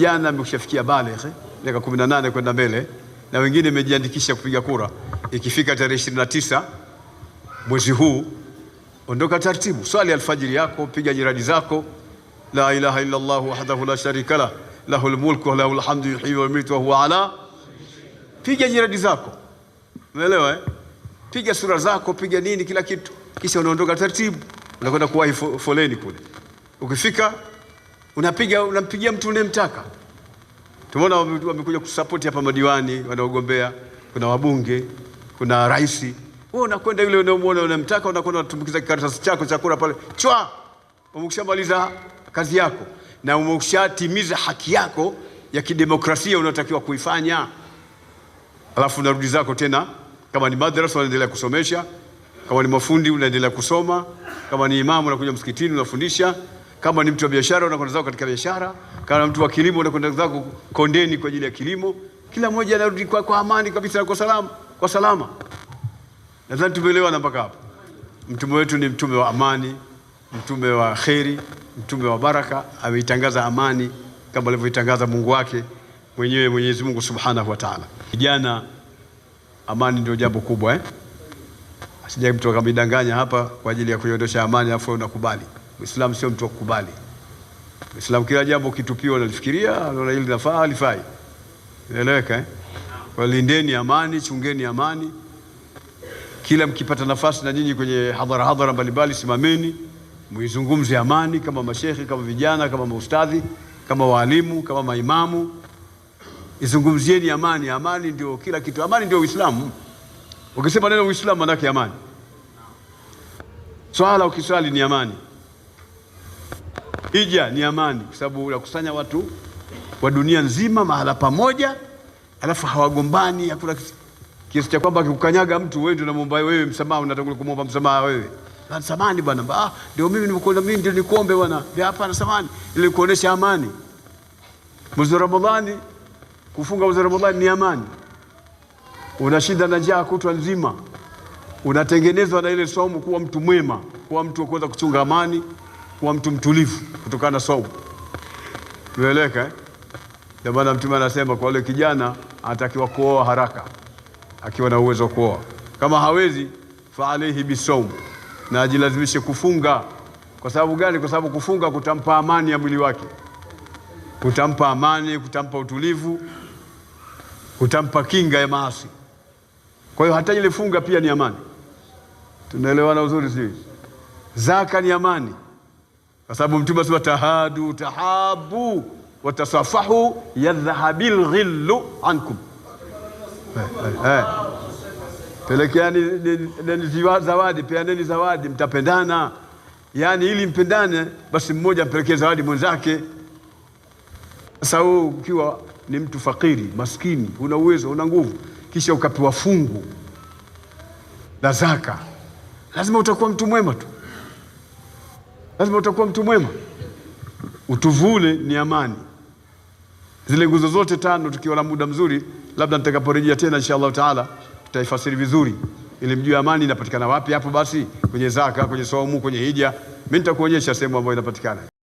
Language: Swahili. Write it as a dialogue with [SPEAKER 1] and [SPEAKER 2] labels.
[SPEAKER 1] jana ameshafikia baleghe eh? miaka 18 kwenda mbele, na wengine mmejiandikisha kupiga kura. Ikifika tarehe 29 mwezi huu, ondoka taratibu, swali alfajiri yako, piga jiradi zako, la ilaha illa Allah wahdahu la sharika lah lahul mulku wa lahul hamdu yuhyi wa yumiitu wa huwa ala, piga jiradi zako, umeelewa eh? Piga sura zako, piga nini, kila kitu, kisha unaondoka taratibu, unakwenda kuwahi foleni kule, ukifika Unapiga unampigia mtu unayemtaka. Tumeona wamekuja kusapoti hapa madiwani wanaogombea, kuna wabunge, kuna rais. Wewe unakwenda yule unayemwona unamtaka, unakwenda unatumbukiza kikaratasi chako cha kura pale, chwa, umekushamaliza kazi yako na umeshatimiza haki yako ya kidemokrasia unaotakiwa kuifanya, alafu narudi zako tena. Kama ni madrasa unaendelea kusomesha, kama ni mafundi unaendelea kusoma, kama ni imamu unakuja msikitini unafundisha. Kama ni mtu wa biashara unakwenda zako katika biashara, kama mtu wa kilimo unakwenda zako kondeni kwa ajili ya kilimo. Kila mmoja anarudi kwa, kwa amani kabisa na kwa salama, kwa salama. Nadhani tumeelewana mpaka hapo. Mtume wetu ni mtume wa amani, mtume wa kheri, mtume wa baraka. Ameitangaza amani kama alivyoitangaza Mungu wake mwenyewe Mwenyezi Mungu Subhanahu wa Ta'ala. Vijana, amani ndio jambo kubwa eh? Asije mtu akamidanganya hapa kwa ajili ya kuiondosha amani afu unakubali. Muislamu sio mtu wa kukubali. Muislamu kila jambo kitupiwa analifikiria, anaona hili linafaa, halifai. Eleweka eh? Kwa lindeni amani, chungeni amani, kila mkipata nafasi na nyinyi kwenye hadhara hadhara mbalimbali, simameni muizungumze amani, kama mashehe kama vijana, kama maustadhi, kama waalimu, kama maimamu, izungumzieni amani. Amani ndio kila kitu, amani ndio Uislamu. Ukisema neno Uislamu, manake amani. Swala ukiswali ni amani. Hija ni amani, kwa sababu unakusanya watu wa dunia nzima mahala pamoja, alafu hawagombani, hakuna kiasi cha kwamba akikukanyaga mtu wewe ndio unamwomba wewe msamaha, unataka kumwomba msamaha wewe. samani bwana, ah, ndio mimi nimekuona, mimi ndio nikuombe bwana, ndio hapa na samani, ili kuonesha amani. Mwezi Ramadhani, kufunga mwezi Ramadhani ni amani. una shida na njaa kutwa nzima, unatengenezwa na ile somo kuwa mtu mwema, kuwa mtu wa kuweza kuchunga amani kuwa mtu mtulivu kutokana na saumu. Umeeleweka eh? Ndio maana Mtume anasema kwa yule kijana anatakiwa kuoa haraka akiwa na uwezo wa kuoa, kama hawezi fa alaihi bisaumu, na ajilazimishe kufunga. Kwa sababu gani? Kwa sababu kufunga kutampa amani ya mwili wake, kutampa amani, kutampa utulivu, kutampa kinga ya maasi. Kwa hiyo hata ile funga pia ni amani. Tunaelewana uzuri, sio? Zaka ni amani kwa sababu Mtume asema tahadu tahabu watasafahu yadhhabil ghillu ankum, eh, eh, eh. pelekeani zawadi, peaneni zawadi, mtapendana. Yaani ili mpendane, basi mmoja mpelekee zawadi mwenzake. Sasa wewe ukiwa ni mtu fakiri maskini, una uwezo, una nguvu, kisha ukapewa fungu la zaka, lazima utakuwa mtu mwema tu lazima utakuwa mtu mwema. Utuvule ni amani, zile nguzo zote tano. Tukiwa na muda mzuri, labda nitakaporejea tena insha Allahu taala tutaifasiri vizuri ili mjue amani inapatikana wapi. Hapo basi kwenye zaka, kwenye saumu, kwenye hija, mimi nitakuonyesha sehemu ambayo inapatikana.